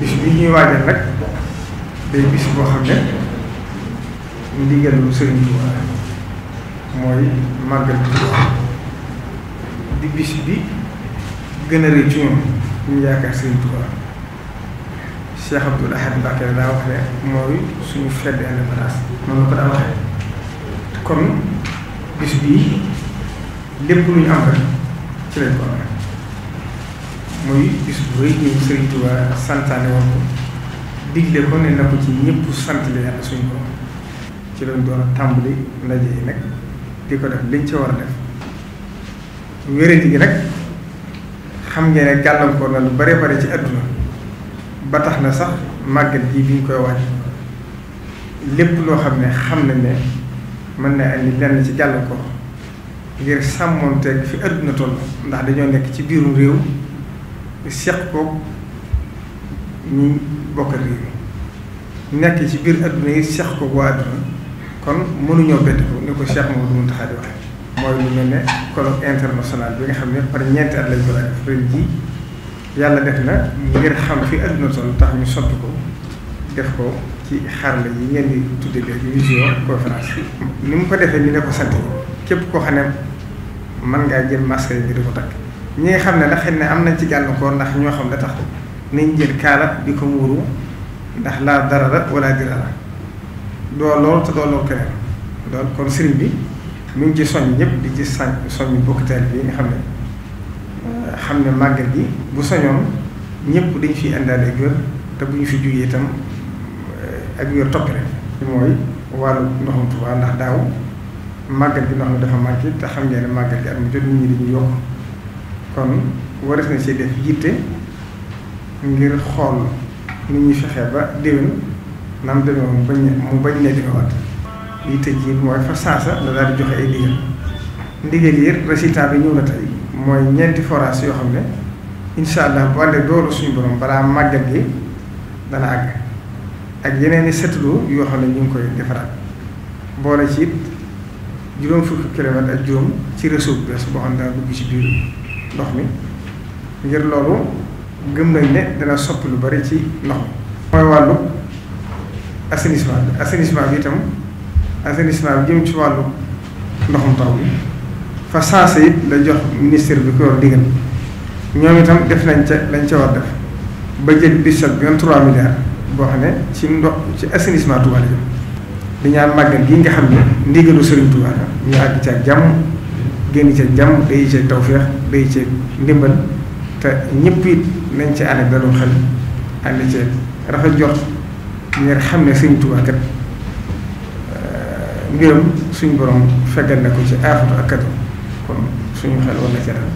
bis bi ñuy waajal nag day bis boo xam ne ndigalu Sëriñ Tuubaa mooy màggal di bis bi gën a rëy ci ñoom ñu yaakaar Sëriñ Tuubaa Cheikh Abdoul Ahad daa wax ne mooy suñu fête d'indépendance noonu ko daa waxee kon bis bii lépp lu ñu am rek ci lañ ko amee muy bis bu rëy bi Sëriñ Tuubaa santaane woon ko digle ko ne na ko ci ñëpp sant leen ak suñu borom ci lañ doon tàmbali ndaje yi nag di ko def liñ ci war a def wéradi gi nag xam ngeen ne gàllankoor na lu bare bare ci àdduna ba tax na sax màggal ji bi ñu koy wàcc lépp loo xam ne xam nañ ne mën na andi lenn ci gàllankoor ngir sàmmoonteeg fi àdduna toll ndax dañoo nekk ci biirum réew seq kook ñu bokk réew mi nekk ci biir adduna yi seq ko waa adduna kon mënuñoo bett ko ni ko Cheikh Mamadou Mountakha di waxee. mooy lu mel ne colloque international bi nga xam ne par ñeenti at lañ ko def jii yàlla def na ngir xam fi àdduna toll tax ñu sotti ko def ko ci xarala yi ngeen di tuddee léegi visio conférence ni mu ko defee ñu ne ko sant képp koo xam ne mën ngaa jël masque yi di ko takk. ñi nga xam ne ndax xëy ne am nañ ci gàllankoor ndax ñoo xam ne tax nañ jël kaala di ko muuru ndax laa darara wala dirara doo lool te doo lool ko loolu kon sëriñ bi mu ngi ci soñ ñëpp di ci sañ soñ bokkuteel bi nga xam ne euh, xam ne màggal gi bu soñoon ñëpp dañ fi indaale gër te bu ñu fi jugee itam euh, ak wér toppale mooy wàllu ndoxum Tuubaa ndax daaw màggal gi ndox mi dafa màgg te xam ngeen ne màggal gi am mu jot nit ñi dañuy yokk kon waris na ci def yitte ngir xool ni ñuy fexe ba déwén nam demee mu bañ mu bañ ne di ko waat yitte ji mooy fa saasa la daal di joxe ay ndigal ndigal yi résultat bi ñëw na tey mooy ñeenti forage yoo xam ne incha allah bu àndee doolu suñu borom balaa màggal gi dana àgg ak yeneen i seetlu yoo xam ne ñu ngi koy defaraat boole ci it juróom fukki kilomètre ak juróom ci réseau bu boo xam ne dana ci biir. ndox mi ngir loolu gëm nañ ne dana soppi lu bari ci ndox mi. mooy wàllu assainissement bi assainissement bi itam assainissement bi jëm ci wàllu ndoxum taw bi fa saase it la jox ministère bi ko yor digal ñoom itam def nañ ca lañ ca war def ba jël budget bi 23 milliards boo xam ne ci ndox ci assainissement Touba la jëm di ñaan màggal gi nga xam ne ndigalu Serigne Touba la ñu àgg ci jàmm. génn ca jàmm day ca tawféex day ca ndimbal te ñëpp it nañ ci ànd ak daloo xel ànd ci rafet jot ngir xam ne sëñ Tuubaa kat euh, mbiram suñu borom feggal na ko ci aafatu ak kon suñu xel war ca dal